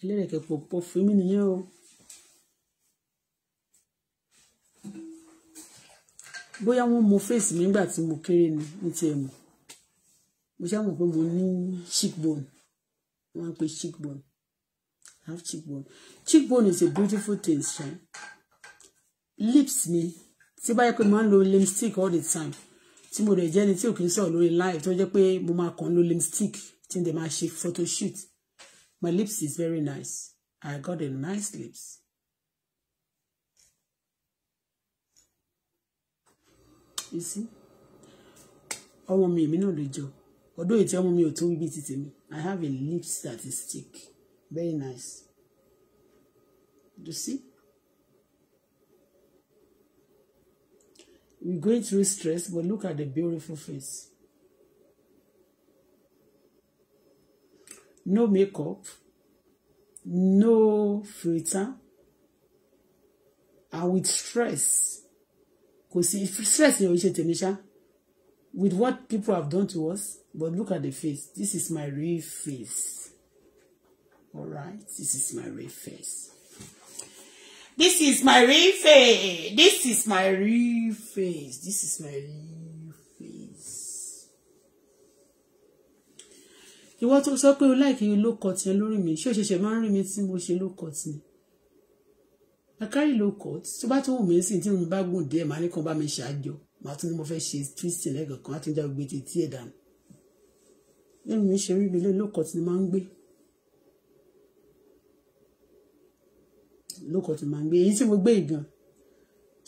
ẹlẹ́rẹ̀kẹ́ pọ̀pọ̀f èmi nìyẹn o. bóyá wọ́n mọ fèsì mi nígbà tí mo kéré ni ní tiẹ̀ mọ̀ mo ṣáà mọ̀ pé mo ní cheekbone wọ́n pe cheekbone I have cheekbone cheekbone is a beautiful thing ṣá lips mi tí bá yẹ pé máa ń lo lipstick all the time tí mo dẹ̀ jẹ́ ni tí ò kì í sọ̀rọ̀ lórí live tó jẹ́ pé mo máa kàn lo lipstick tí n dẹ̀ máa ṣe photoshoot my lips is very nice I got a nice lips. fi sí ọmọ mi èmi náà ló jọ ọdún èyí tí ọmọ mi ò tó ń bí ti tèmi I have a lips that is thick very nice you see we going through stress but look at the beautiful face no makeup no filter and with stress kò sí stress yẹn ò ṣe tèmi ṣá with what people have done to us but look at the face this is my real face alright this is my real face this is my real face this is my real face this is my real face. ìwọ tó sọ pé o láìkí ló kọ tiẹ lórí mi ṣé o ṣẹ̀ṣẹ̀ máa ń rí mi tí mo ṣe ló kọ tiẹ. I carry low cut tó bá tún wù mí sí tí mo bá gùn díẹ̀ màá ní kan bá mi ṣàjọ màá tún ní mo fẹ́ ṣe twisting lẹ́gàn kan àti ìjà gbogbo ti tiẹ̀ dànù lẹ́nu mi ṣe rí ibi ilé low cut ni máa ń gbé low cut ni máa ń gbé èyí tí mo gbé ìgan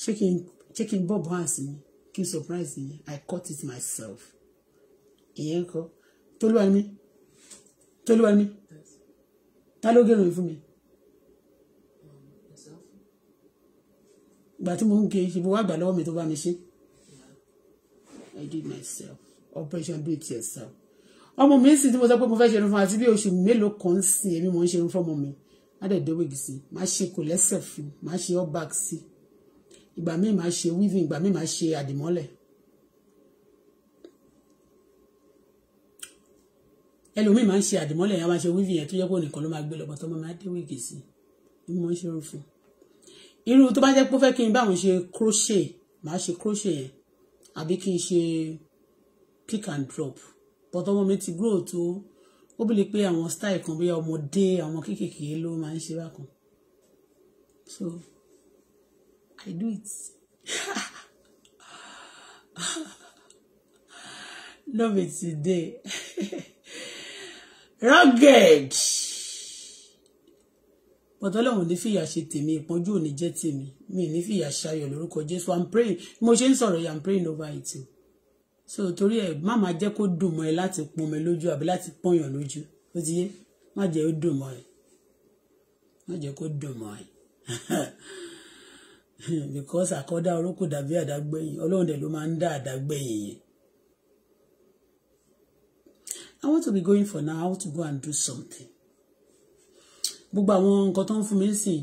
ṣé kí n ṣé kí n bob hands mi kí n surprise mi I cut it myself ìyẹn kọ́ tolúwa mi tolúwa mi ta ló gẹ̀rùn fún mi. ìgbà tí mo ń ge ṣe mo wá gbà lọ́wọ́ mi tó bá mi ṣe I did myself operation do it yourself ọmọ mi sì tí mo sọ pé mo fẹ́ ṣe irun fún àti bí oṣù mélòó kan sí èmi mo ń ṣe irun fún ọmọ mi ádẹ̀dẹ̀ wíìgì sí máa ṣe kò lẹ́sẹ̀ fún máa ṣe all back sí ìgbà míì máa ṣe weaving ìgbà míì máa ṣe àdìmọ́lẹ̀ ẹlòmíì máa ń ṣe àdìmọ́lẹ̀ yẹn máa ṣe weaving yẹn tó yẹ kó nìkan ló máa gbé lọ́pọ̀ tó máa máa dé wíìgì sí ni mo ń ṣe irun fún irú tó bá jẹ́ pé ó fẹ́ kí n báwọn ṣe crochet màá ṣe crochet yẹn àbí kí n ṣe pick and drop but ọmọ mi ti grow tó ó bí le pé àwọn style kan bóyá ọmọdé àwọn kéékèèké ló máa ń ṣe bákan so I do it love it today rugged pọtọlọ́wọ̀n ní fìyà ṣe tèmi ìpọ́njú ò ní jẹ́ tèmi mi ní fìyà ṣayọ̀ lórúkọ Jésù i'm praying mo ṣe ń sọ̀rọ̀ yà i'm praying over it o so torí ẹ má máa jẹ́ kó dùn mọ́ ẹ láti pọ́n mi lójú àbí láti pọ́nyàn lójú ó ti yé má jẹ́ ó dùn mọ́ ẹ má jẹ́ kó dùn mọ́ ẹ because àkọ́dá orókù dàbí àdágbẹ̀yìn ọlọ́run dẹ̀ ló máa ń dá àdágbẹ̀yìn yẹn. I want to be going for now. I want to go and do something gbogbo àwọn nǹkan tó ń fún mi ń sìn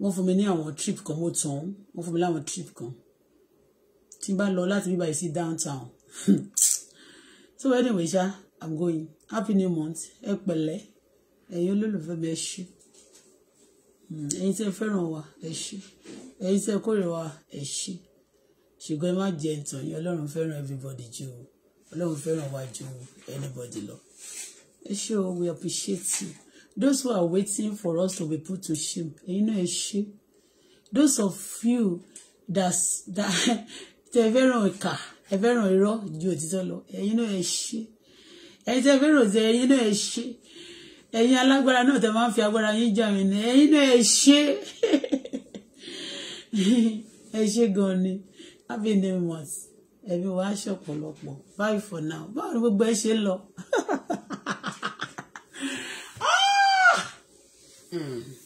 wọ́n fún mi ní àwọn trip kan mo tàn wọ́n fún mi láwọn trip kan tí n bá lọ láti bíbá yìí sí downtown so anyway ṣá i'm going happy new month ẹ pẹ̀lẹ́ ẹ̀yin olólùfẹ́ mi ẹ ṣé hmm, ẹ̀yin tí ẹ fẹ́ràn wa ẹ ṣé ẹ̀yin tí ẹ kórè wa ẹ ṣé ṣùgbọ́n ẹ má jẹ ìtàn yín ọlọ́run fẹ́ràn everybody jù ọlọ́run fẹ́ràn wa jù anybody lọ ẹ ṣé o we appreciate you those who are waiting for us to be put to shame you know, ẹ ṣe those of you that that tẹ fẹ́ràn ìkà ẹ fẹ́ràn irọ́ ju òtítọ́ lọ ẹ̀yin náà shame. ṣe ẹ̀yin tẹ fẹ́ràn òtítọ́ ẹ̀yin náà ẹ ṣe ẹ̀yin alágbára náà tẹ máa ń fi agbára yín jà mí ni ẹ̀yin náà ẹ ṣe ẹ ṣe gan ni happy new month ẹbí wa ṣọ̀pọ̀lọpọ̀ bye for now báwo ni gbogbo ẹ ṣe ń lọ. Mm.